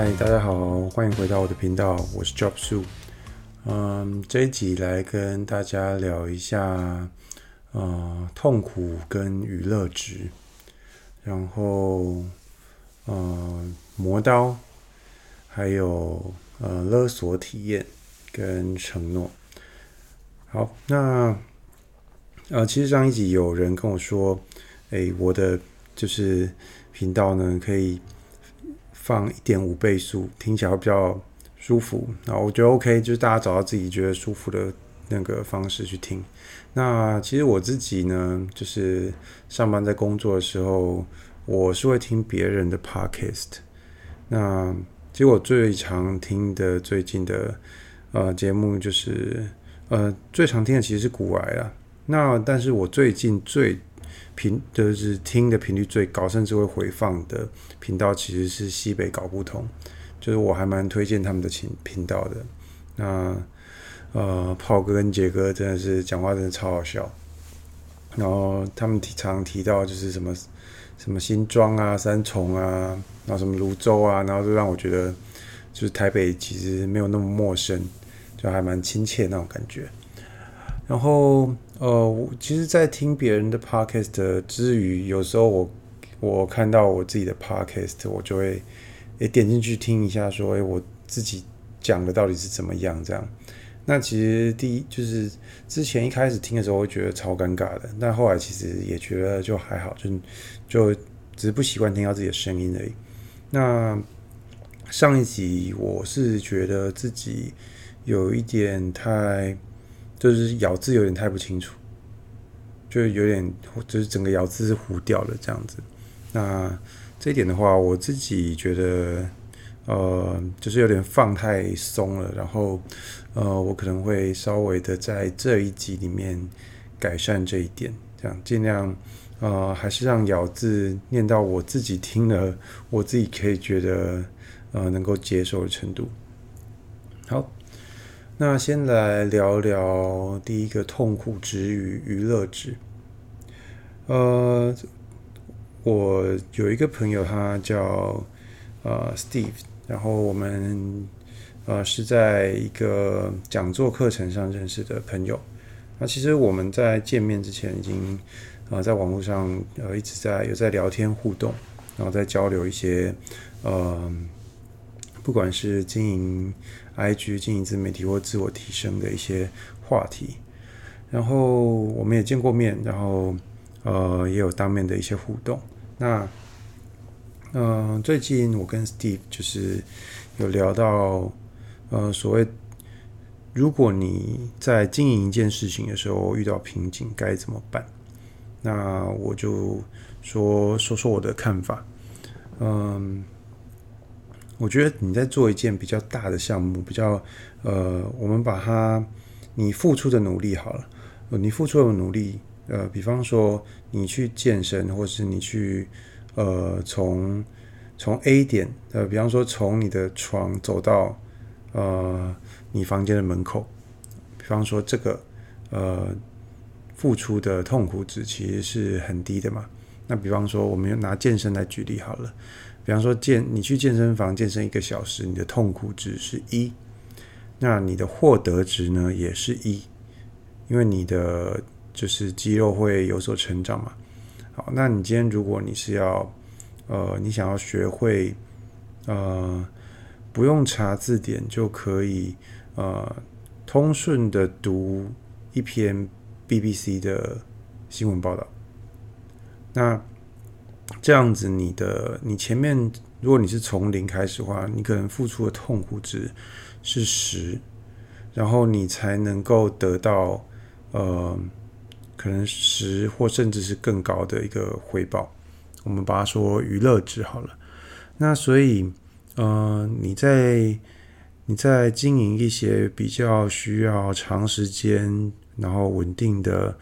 嗨，大家好，歡迎回到我的頻道，我是 Job 叔，呃。嗯，這一集來跟大家聊一下，呃，痛苦跟娛樂值，然後，呃，磨刀，還有呃勒索體驗跟承諾。好，那呃，其實上一集有人跟我說，哎，我的就是頻道呢可以。放一點五倍速，聽起來會比較舒服。那我覺得 OK，就是大家找到自己覺得舒服的那個方式去聽。那其實我自己呢，就是上班在工作的時候，我是會聽別人的 podcast。那其實我最常聽的最近的呃節目就是呃最常聽的其實是古玩了。那但是我最近最頻就是聽的頻率最高，甚至會回放的頻道，其實是西北搞不同。就是我還蠻推薦他們的頻頻道的。那呃，炮哥跟杰哥真的是講話真的超好笑。然後他們常常提到就是什麼什麼新莊啊、三重啊，然後什麼蘆洲啊，然後就讓我覺得就是台北其實沒有那麼陌生，就還蠻親切那種感覺。然後，呃，我其實，在聽別人的 podcast 之餘，有時候我我看到我自己的 podcast，我就會也點進去聽一下，說，誒我自己講的到底是怎麼樣？這樣。那其實第一就是之前一開始聽的時候，會覺得超尷尬的，但後來其實也覺得就還好，就就只是不習慣聽到自己的聲音而已。那上一集我是覺得自己有一點太。就是咬字有點太不清楚，就有點，就是整個咬字是糊掉了這樣子。那這一點的話，我自己覺得，呃，就是有點放太鬆了。然後，呃，我可能會稍微的在這一集裡面改善這一點，這樣盡量，呃，還是讓咬字念到我自己聽了，我自己可以覺得，呃，能夠接受的程度。好。那先來聊聊第一個痛苦值與娛樂值。呃，我有一個朋友，他叫呃 Steve，然後我們呃是在一個講座課程上認識的朋友。那其實我們在見面之前已經呃在網絡上呃一直在有在聊天互動，然後在交流一些呃。不管是經營 IG、經營自媒體或自我提升的一些話題，然後我們也見過面，然後呃也有當面的一些互動。那嗯、呃，最近我跟 Steve 就是有聊到呃所謂，如果你在經營一件事情的時候遇到瓶頸，該怎麼辦？那我就說說說我的看法，嗯、呃。我覺得你在做一件比較大的項目，比較，呃，我們把它你付出的努力好了，你付出的努力，呃，比方說你去健身，或是你去，呃，從從 A 點，呃，比方說從你的床走到呃你房間的門口，比方說這個，呃，付出的痛苦值其實是很低的嘛。那比方說，我們拿健身來舉例好了。比方說健，你去健身房健身一個小時，你的痛苦值是一，那你的獲得值呢也是一，因為你的就是肌肉會有所成長嘛。好，那你今天如果你是要，呃，你想要學會，呃，不用查字典就可以，呃，通順的讀一篇 BBC 的新聞報道，那。這樣子，你的你前面，如果你是從零開始的話，你可能付出的痛苦值是十，然後你才能夠得到呃，可能十或甚至是更高的一個回報。我們把它說娛樂值好了。那所以，呃，你在你在經營一些比較需要長時間，然後穩定的。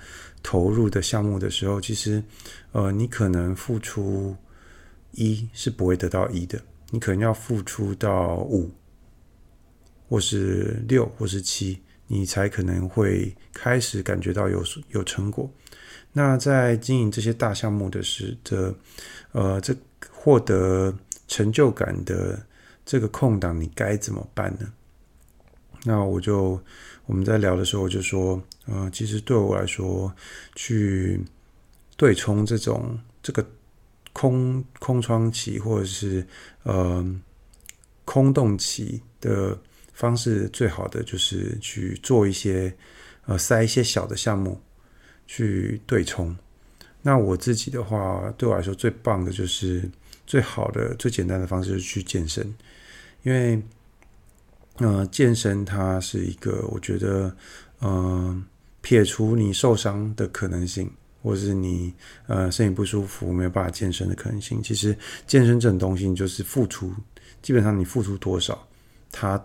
投入的項目的時候，其實，呃，你可能付出一是不會得到一的，你可能要付出到五，或是六，或是七，你才可能會開始感覺到有有成果。那在經營這些大項目的時候，呃，這獲得成就感的這個空檔，你該怎麼辦呢？那我就我們在聊的時候，就說，呃，其實對我來說，去對沖這種這個空空窗期，或者是呃空洞期的方式，最好的就是去做一些呃塞一些小的項目去對沖。那我自己的話，對我來說最棒的就是最好的最簡單的方式就是去健身，因為。呃，健身它是一個，我覺得，呃，撇除你受傷的可能性，或是你呃身體不舒服沒有辦法健身的可能性，其實健身這種東西，你就是付出，基本上你付出多少，它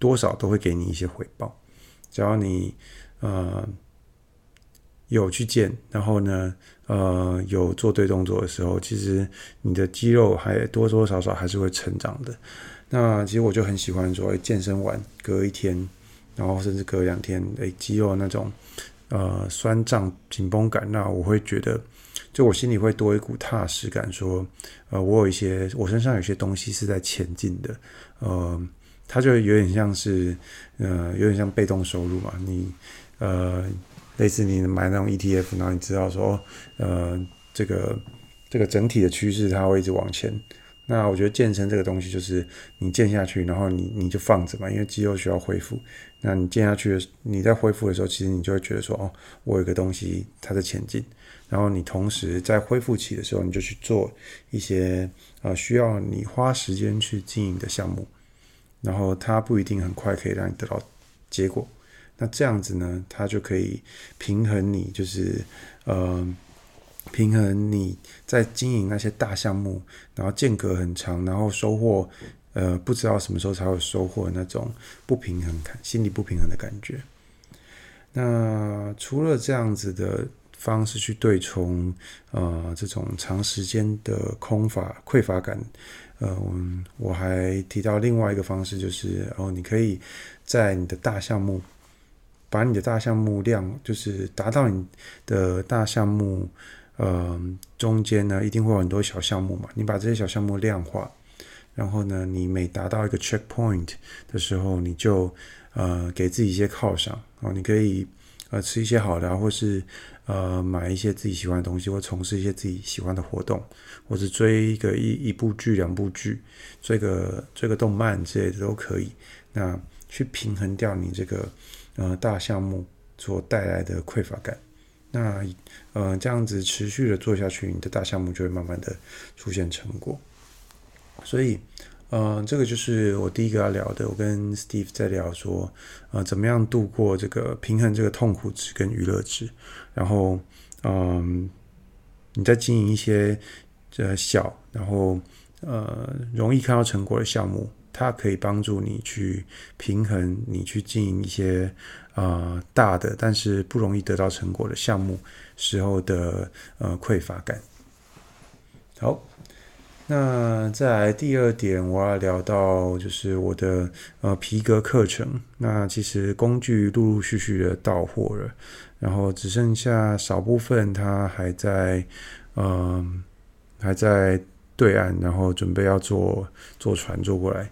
多少都會給你一些回報。只要你呃有去健，然後呢，呃，有做對動作的時候，其實你的肌肉還多多少少還是會成長的。那其實我就很喜歡說，健身完隔一天，然後甚至隔兩天，欸，肌肉那種呃痠脹緊繃感，那我會覺得，就我心裡會多一股踏實感，說，呃，我有一些，我身上有些東西是在前進的，呃，它就有點像是，呃，有點像被動收入嘛，你，呃，類似你買那種 ETF，然後你知道說，呃，這個這個整體的趨勢它會一直往前。那我覺得健身這個東西就是你健下去，然後你你就放着嘛，因為肌肉需要恢復。那你建下去的，你在恢復的時候，其實你就會覺得說，哦，我有個東西它在前進。然後你同時在恢復期的時候，你就去做一些呃需要你花時間去經營的項目，然後它不一定很快可以讓你得到結果。那這樣子呢，它就可以平衡你，就是呃。平衡你在經營那些大項目，然後間隔很長，然後收穫呃不知道什麼時候才有收穫那種不平衡感，心理不平衡的感覺。那除了這樣子的方式去對沖，呃，這種長時間的空乏匱乏感，嗯、呃，我還提到另外一個方式，就是哦，你可以在你的大項目，把你的大項目量就是達到你的大項目。呃、嗯，中間呢一定會有很多小項目嘛，你把這些小項目量化，然後呢，你每達到一個 checkpoint 的時候，你就呃給自己一些犒賞啊，然後你可以呃吃一些好的，或是呃買一些自己喜歡的東西，或從事一些自己喜歡的活動，或是追一個一一部劇、兩部劇，追個追個動漫之類的都可以。那去平衡掉你這個呃大項目所帶來的匱乏感。那，嗯、呃，這樣子持續的做下去，你的大項目就會慢慢的出現成果。所以，嗯、呃，這個就是我第一個要聊的。我跟 Steve 在聊說，呃，怎麼樣度過這個平衡這個痛苦值跟娛樂值？然後，嗯、呃，你在經營一些呃小，然後呃容易看到成果的項目，它可以幫助你去平衡，你去經營一些。啊、呃，大的但是不容易得到成果的項目時候的呃匱乏感。好，那在第二點我要聊到就是我的呃皮革課程。那其實工具陸陸續續的到貨了，然後只剩下少部分，它還在嗯、呃、還在對岸，然後準備要坐坐、坐船坐過來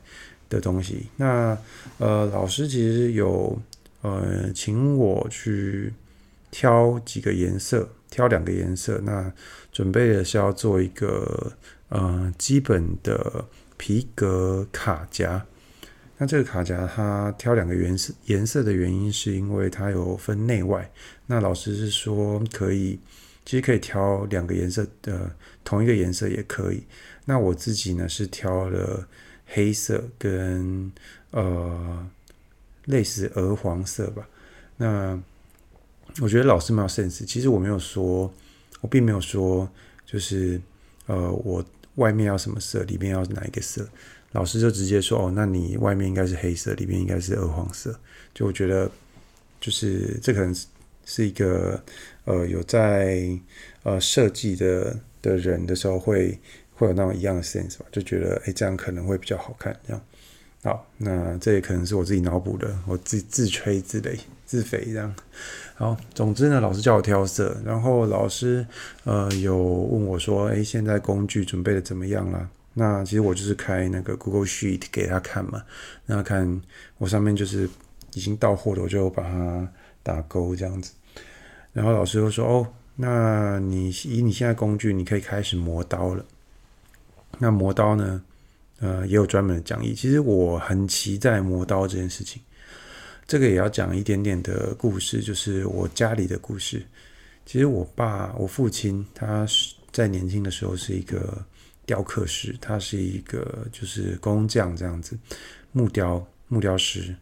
的東西。那呃老師其實有。呃，請我去挑幾個顏色，挑兩個顏色。那準備的是要做一個呃基本的皮革卡夾。那這個卡夾它挑兩個顏色顏色的原因，是因為它有分內外。那老師是說可以，其實可以挑兩個顏色的，呃，同一個顏色也可以。那我自己呢是挑了黑色跟呃。類似鵝黃色吧，那我覺得老師沒有 sense。其實我沒有說，我並沒有說，就是呃，我外面要什麼色，裡面要哪一個色。老師就直接說，哦，那你外面應該是黑色，裡面應該是鵝黃色。就我覺得，就是這可能是一個呃有在呃設計的的人的時候會會有那種一樣的 sense 吧，就覺得哎、欸、這樣可能會比較好看這樣。好，那這也可能是我自己腦補的，我自自吹自擂自肥這樣。好，總之呢，老師叫我挑色，然後老師呃有問我說，誒、欸，現在工具準備得怎麼樣啦？那其實我就是開那個 Google Sheet 給他看嘛，那看我上面就是已經到貨的，我就把它打勾這樣子。然後老師又說，哦，那你以你現在工具，你可以開始磨刀了。那磨刀呢？呃，也有專門的講義。其實我很期待磨刀這件事情，這個也要講一點點的故事，就是我家裡的故事。其實我爸，我父親，他在年輕的時候是一個雕刻師，他是一個就是工匠這樣子，木雕木雕師。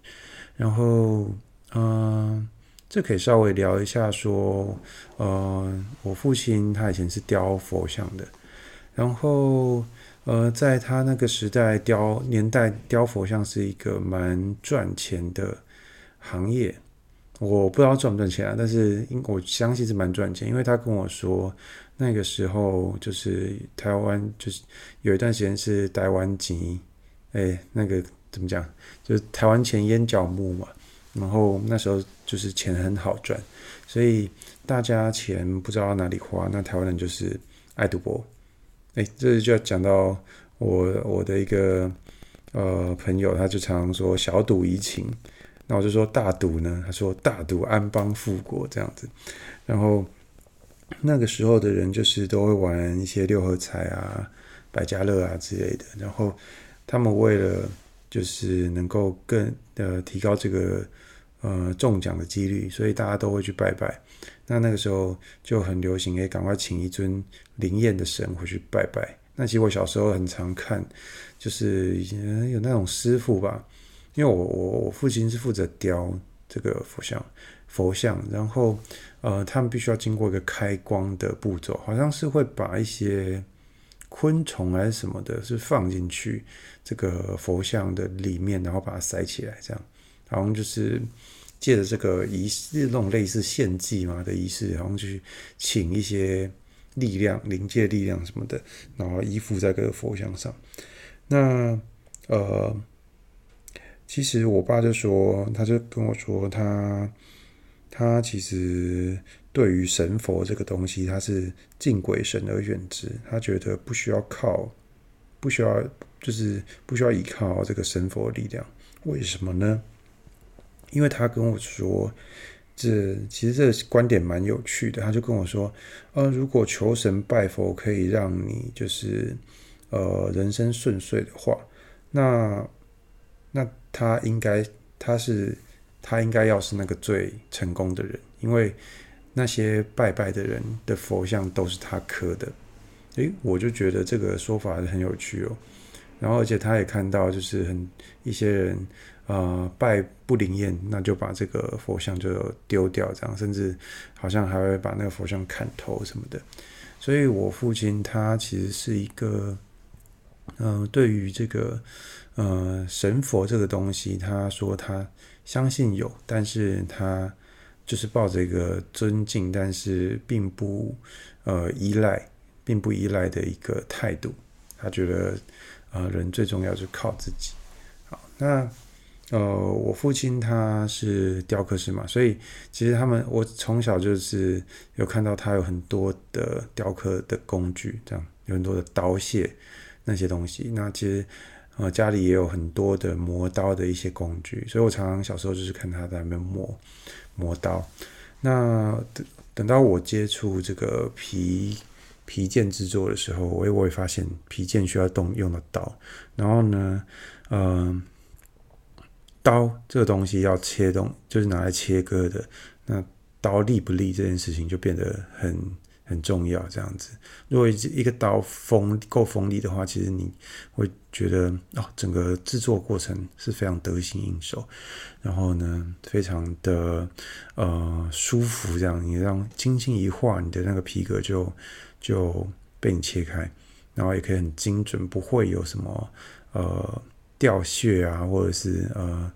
然後，嗯、呃，這可以稍微聊一下說，呃，我父親他以前是雕佛像的，然後。呃，在他那個時代雕年代雕佛像是一個蠻賺錢的行業，我不知道賺不賺錢啊，但是因我相信是蠻賺錢，因為他跟我說那個時候就是台灣就是有一段時間是台灣籍，誒，那個怎麼講，就是台灣錢淹腳目嘛，然後那時候就是錢很好賺，所以大家錢不知道哪裡花，那台灣人就是愛賭博。哎，這就要講到我我的一個呃朋友，他就常常說小賭怡情，那我就說大賭呢，他說大賭安邦富國這樣子，然後那個時候的人就是都會玩一些六合彩啊、百家樂啊之類的，然後他們為了就是能夠更呃提高這個呃中獎的幾率，所以大家都會去拜拜。那那個時候就很流行，哎，趕快請一尊靈驗的神回去拜拜。那其實我小時候很常看，就是以前有那種師傅吧，因為我我我父親是負責雕這個佛像，佛像，然後呃，他們必須要經過一個開光的步驟，好像是會把一些昆蟲還是什麼的，是放進去這個佛像的裡面，然後把它塞起來，這樣，好像就是。借着這個儀式，那種類似獻祭嘛的儀式，然後去請一些力量、靈界力量什麼的，然後依附在這個佛像上。那呃，其實我爸就說，他就跟我說他，他他其實對於神佛這個東西，他是敬鬼神而遠之，他覺得不需要靠，不需要就是不需要依靠這個神佛的力量，為什麼呢？因為他跟我說，這其實這個觀點蠻有趣的。他就跟我說，呃，如果求神拜佛可以讓你就是呃人生順遂的話，那那他應該他是他應該要是那個最成功的人，因為那些拜拜的人的佛像都是他刻的。誒，我就覺得這個說法很有趣哦。然後而且他也看到，就是很一些人。呃，拜不靈驗，那就把這個佛像就丟掉，這樣甚至好像還會把那個佛像砍頭什麼的。所以我父親他其實是一個，嗯、呃，對於這個呃神佛這個東西，他說他相信有，但是他就是抱着一個尊敬，但是並不呃依賴，並不依賴的一個態度。他覺得啊、呃，人最重要是靠自己。好，那。呃，我父親他是雕刻師嘛，所以其實他們我從小就是有看到他有很多的雕刻的工具，這樣有很多的刀械那些東西。那其實呃家裡也有很多的磨刀的一些工具，所以我常常小時候就是看他在那邊磨磨刀。那等等到我接觸這個皮皮件製作的時候，我也我也發現皮件需要動用的刀，然後呢，嗯、呃。刀這個東西要切東，就是拿來切割的。那刀利不利這件事情就變得很很重要。這樣子，如果一個刀鋒夠鋒利的話，其實你會覺得啊、哦，整個製作過程是非常得心應手，然後呢，非常的呃舒服。這樣你讓輕輕一劃，你的那個皮革就就被你切開，然後也可以很精準，不會有什麼呃。掉屑啊，或者是呃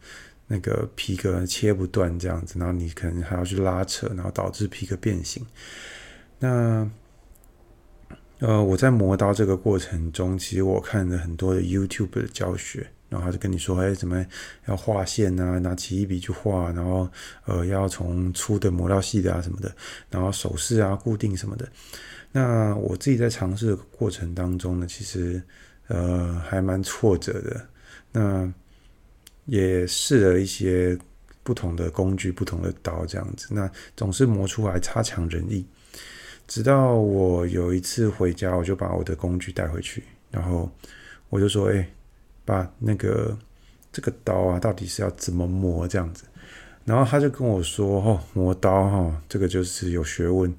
那個皮革切不斷這樣子，然後你可能還要去拉扯，然後導致皮革變形。那呃，我在磨刀這個過程中，其實我看了很多的 YouTube 的教學，然後他就跟你說，哎，怎麼要畫線啊，拿起一筆去畫，然後呃要從粗的磨到細的啊什麼的，然後手勢啊固定什麼的。那我自己在嘗試的過程當中呢，其實呃還蠻挫折的。那也試了一些不同的工具、不同的刀，這樣子，那總是磨出來差強人意。直到我有一次回家，我就把我的工具帶回去，然後我就說：“哎、欸，爸，那個這個刀啊，到底是要怎麼磨？”這樣子，然後他就跟我說：“哦，磨刀哈，這個就是有學問。”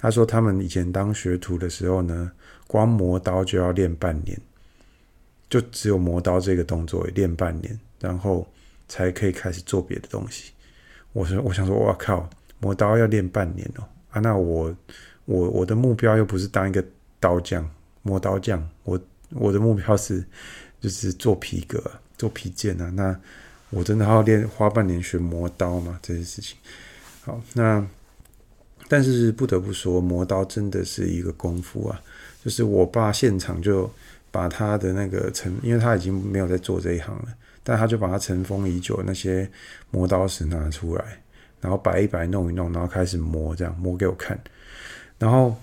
他說：“他們以前當學徒的時候呢，光磨刀就要練半年。”就只有磨刀這個動作，練半年，然後才可以開始做別的東西。我說，我想說，哇靠，磨刀要練半年哦、喔、啊！那我我我的目標又不是當一個刀匠、磨刀匠，我我的目標是就是做皮革、啊、做皮件啊。那我真的還要練花半年學磨刀嗎？這些事情。好，那但是不得不說，磨刀真的是一個功夫啊。就是我爸現場就。把他的那個塵，因為他已經沒有在做這一行了，但他就把他塵封已久那些磨刀石拿出來，然後擺一擺，弄一弄，然後開始磨，這樣磨給我看。然後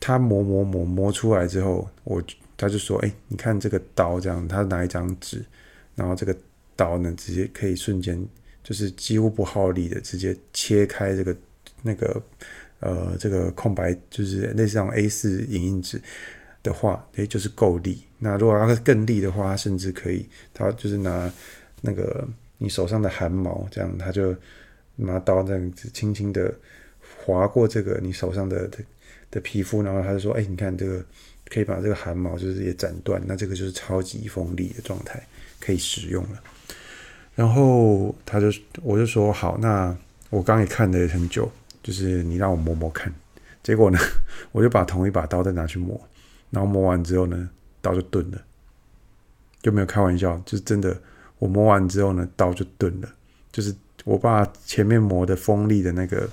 他磨磨磨磨出來之後，我他就說：“哎、欸，你看這個刀這樣。”他拿一張紙，然後這個刀呢，直接可以瞬間就是幾乎不耗力的，直接切開這個那個呃這個空白，就是類似那種 A4 影印紙。的話，誒、欸，就是夠利。那如果它更利的話，他甚至可以，他就是拿那個你手上的汗毛，這樣他就拿刀這樣輕輕的劃過這個你手上的的皮膚，然後他就說：“哎、欸，你看這個可以把這個汗毛就是也斬斷，那這個就是超級鋒利的狀態，可以使用了。”然後他就我就說：“好，那我剛也看了很久，就是你讓我磨磨看。”結果呢，我就把同一把刀再拿去磨。然後磨完之後呢，刀就鈍了，就沒有開玩笑，就是真的。我磨完之後呢，刀就鈍了，就是我爸前面磨的鋒利的那個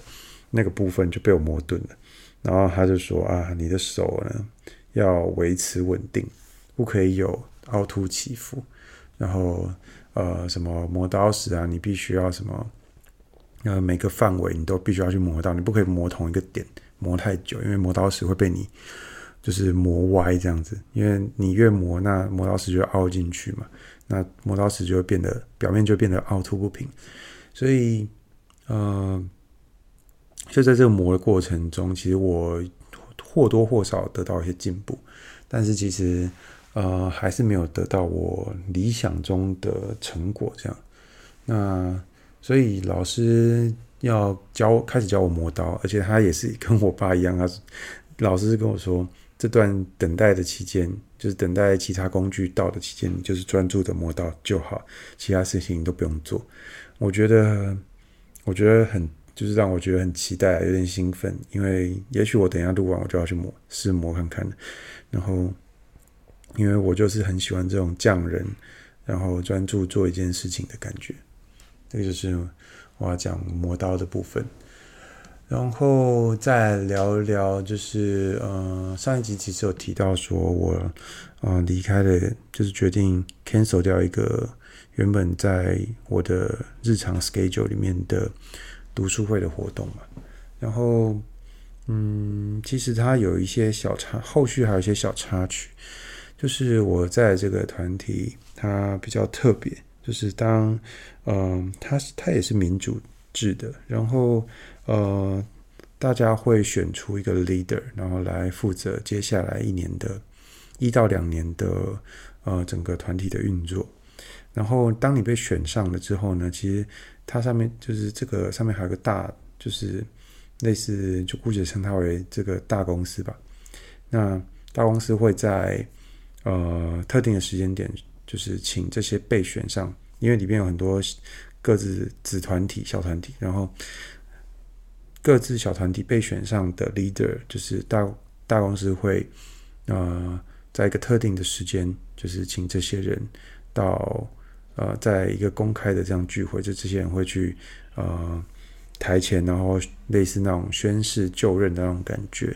那個部分就被我磨鈍了。然後他就說啊，你的手呢要維持穩定，不可以有凹凸起伏。然後呃，什麼磨刀石啊，你必須要什麼呃，每個範圍你都必須要去磨到，你不可以磨同一個點磨太久，因為磨刀石會被你。就是磨歪這樣子，因為你越磨，那磨刀石就會凹進去嘛，那磨刀石就會變得表面就變得凹凸不平，所以，呃，就在這個磨的過程中，其實我或多或少得到一些進步，但是其實呃還是沒有得到我理想中的成果這樣。那所以老師要教，開始教我磨刀，而且他也是跟我爸一樣，他是，老師是跟我說。這段等待的期間，就是等待其他工具到的期間，你就是專注的磨刀就好，其他事情你都不用做。我覺得，我覺得很，就是讓我覺得很期待，有點興奮，因為也許我等一下錄完，我就要去磨，試磨看看了。然後，因為我就是很喜歡這種匠人，然後專注做一件事情的感覺。這個就是我要講磨刀的部分。然後再聊一聊，就是呃，上一集其實有提到說我，我、呃、嗯離開的，就是決定 cancel 掉一個原本在我的日常 schedule 裡面的讀書會的活動嘛。然後，嗯，其實它有一些小插，後續還有一些小插曲，就是我在這個團體，它比較特別，就是當嗯、呃，它它也是民主。制的，然後呃，大家會選出一個 leader，然後來負責接下來一年的一到兩年的呃整個團體的運作。然後當你被選上了之後呢，其實它上面就是這個上面還有個大，就是類似就姑且稱它為這個大公司吧。那大公司會在呃特定的時間點，就是請這些被選上，因為裡面有很多。各自子團體、小團體，然後各自小團體被選上的 leader，就是大大公司會呃，在一個特定的時間，就是請這些人到呃，在一個公開的這樣聚會，就這些人會去呃台前，然後類似那種宣誓就任的那種感覺，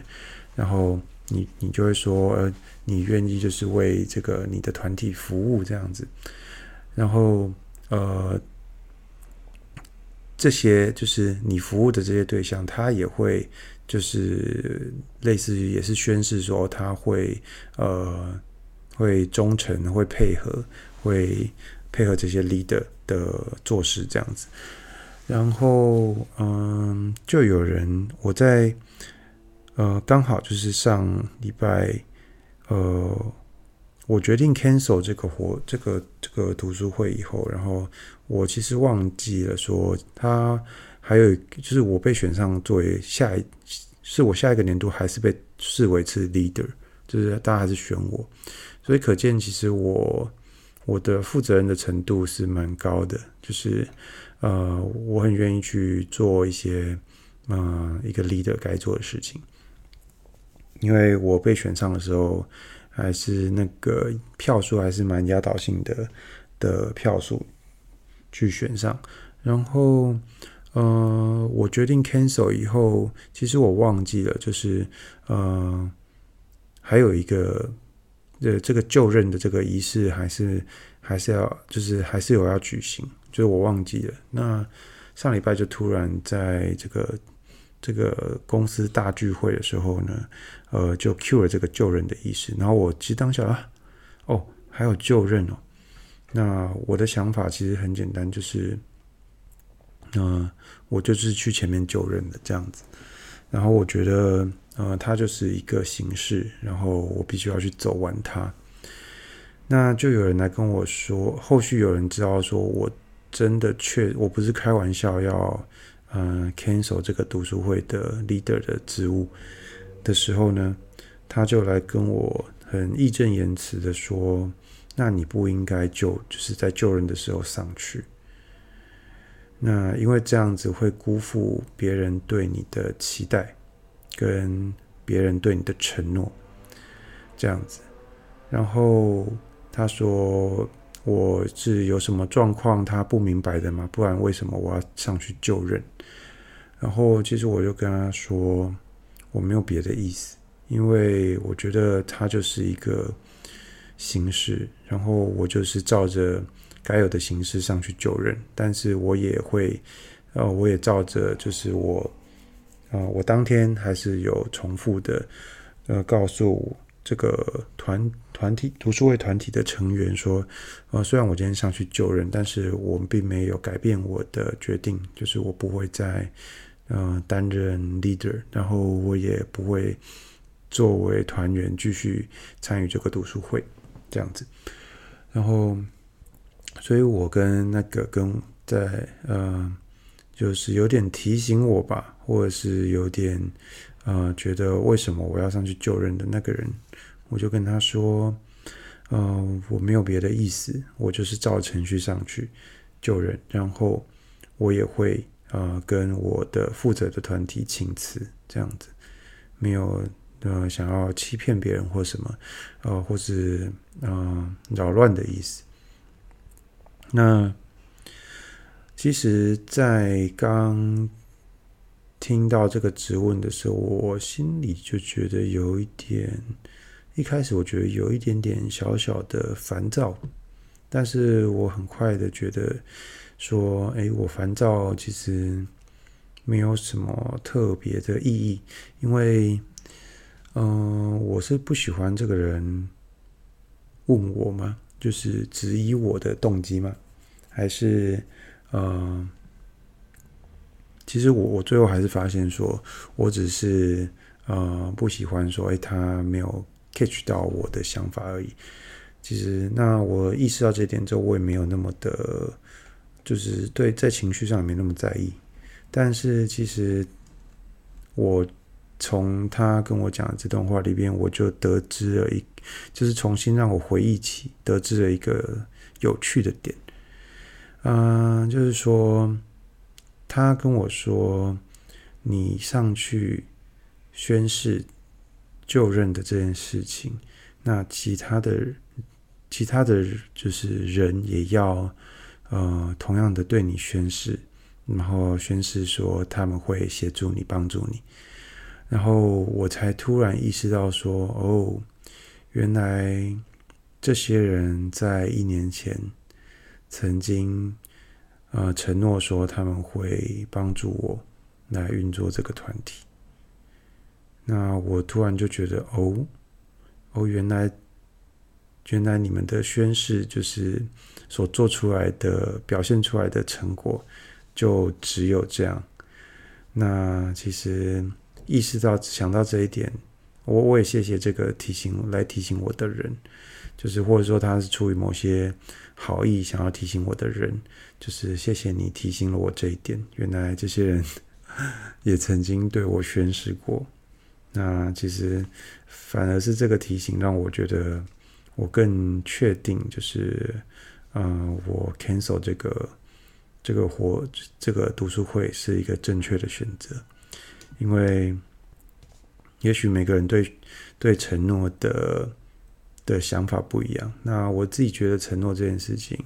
然後你你就會說，呃、你願意就是為這個你的團體服務這樣子，然後呃。這些就是你服務的這些對象，他也會就是類似於也是宣誓說他會呃會忠誠會配合會配合這些 leader 的做事這樣子。然後嗯，就有人我在呃剛好就是上禮拜呃我決定 cancel 這個活這個這個讀書會以後，然後。我其實忘記了說，他還有就是我被選上作為下一，是我下一個年度還是被視為是次 leader，就是大家還是選我，所以可見其實我我的負責任的程度是蠻高的，就是呃，我很願意去做一些嗯、呃、一個 leader 該做的事情，因為我被選上的時候還是那個票數還是蠻壓倒性的的票數。去選上，然後呃，我決定 cancel 以後，其實我忘記了，就是呃，還有一個，呃，這個就任的這個儀式還是還是要，就是還是有要舉行，就是我忘記了。那上禮拜就突然在這個這個公司大聚會的時候呢，呃，就 cue 了這個就任的儀式，然後我其實當下啊，哦，還有就任哦。那我的想法其實很簡單，就是，嗯，我就是去前面救人的這樣子。然後我覺得，呃，他就是一個形式，然後我必須要去走完它。那就有人來跟我說，後續有人知道說我真的確我不是開玩笑要，呃，嗯，cancel 這個讀書會的 leader 的職務的時候呢，他就來跟我很義正言辭的說。那你不應該救，就是在救人的時候上去。那因為這樣子會辜負別人對你的期待，跟別人對你的承諾，這樣子。然後他說我是有什麼狀況他不明白的嗎？不然為什麼我要上去救人？然後其實我就跟他說我沒有別的意思，因為我覺得他就是一個。形式，然後我就是照着該有的形式上去就任，但是我也會，呃，我也照着，就是我、呃，我當天還是有重複的，呃，告訴這個團團體讀書會團體的成員說，呃，雖然我今天上去就任，但是我並沒有改變我的決定，就是我不會再、呃，擔任 leader，然後我也不會作為團員繼續參與這個讀書會。這樣子，然後，所以我跟那個跟在，呃，就是有點提醒我吧，或者是有點呃，覺得為什麼我要上去救人的那個人，我就跟他說，嗯、呃，我沒有別的意思，我就是照程序上去救人，然後我也會呃，跟我的負責的團體請辭，這樣子，沒有。呃，想要欺騙別人或什麼，呃，或是呃擾亂的意思。那其實，在剛聽到這個質問的時候，我心裡就覺得有一點，一開始我覺得有一點點小小的煩躁，但是我很快的覺得說，哎，我煩躁其實沒有什麼特別的意義，因為。嗯、呃，我是不喜歡這個人問我嗎？就是質疑我的動機嗎？還是，嗯、呃、其實我我最後還是發現說，我只是呃不喜歡說，哎，他沒有 catch 到我的想法而已。其實，那我意識到這點之後，我也沒有那麼的，就是對，在情緒上也沒那麼在意。但是，其實我。從他跟我講的這段話裡邊，我就得知了一，就是重新讓我回憶起，得知了一個有趣的點。嗯、呃，就是說，他跟我說，你上去宣誓就任的這件事情，那其他的其他的就是人也要呃同樣的對你宣誓，然後宣誓說他們會協助你，幫助你。然後我才突然意識到說，說哦，原來這些人在一年前曾經呃承諾說他們會幫助我來運作這個團體。那我突然就覺得，哦哦，原來原來你們的宣誓就是所做出來的表現出來的成果就只有這樣。那其實。意識到想到這一點，我我也謝謝這個提醒來提醒我的人，就是或者說他是出於某些好意想要提醒我的人，就是謝謝你提醒了我這一點。原來這些人也曾經對我宣誓過。那其實反而是這個提醒讓我覺得我更確定，就是嗯、呃，我 cancel 這個這個活這個讀書會是一個正確的選擇。因為，也許每個人對對承諾的的想法不一樣。那我自己覺得，承諾這件事情，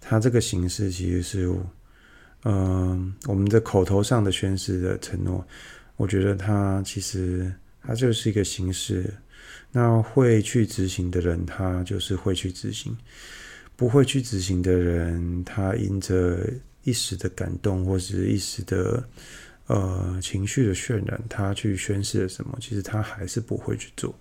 它這個形式其實是，嗯、呃，我們的口頭上的宣誓的承諾，我覺得它其實它就是一個形式。那會去執行的人，他就是會去執行；不會去執行的人，他因着一時的感動或是一時的。呃，情緒的渲染，他去宣誓了什麼？其實他還是不會去做。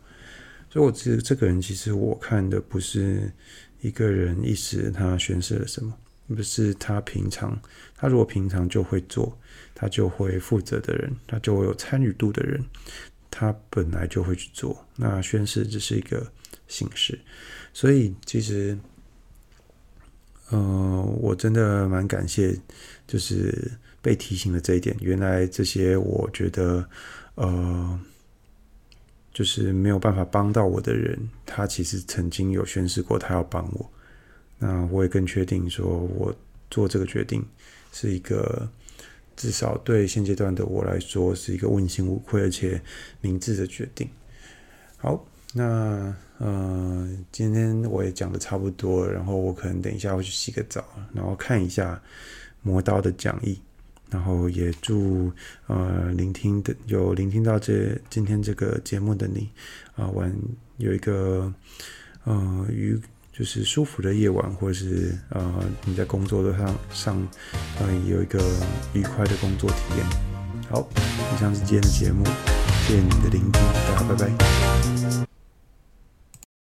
所以，我其實這個人，其實我看的不是一個人一時，他宣誓了什麼，不是他平常，他如果平常就會做，他就會負責的人，他就會有參與度的人，他本來就會去做。那宣誓只是一個形式。所以，其實，呃，我真的蠻感謝，就是。被提醒了這一點，原來這些我覺得，呃，就是沒有辦法幫到我的人，他其實曾經有宣誓過他要幫我。那我也更確定說，我做這個決定是一個至少對現階段的我來說是一個問心無愧而且明智的決定。好，那呃，今天我也講的差不多了，然後我可能等一下我去洗個澡，然後看一下磨刀的講義。然後也祝呃，聆聽的有聆聽到這今天這個節目的你，啊、呃，晚有一個呃愉就是舒服的夜晚，或者是呃你在工作的上上嗯、呃、有一個愉快的工作體驗。好，以上是今天的節目，謝謝你的聆聽，大家拜拜。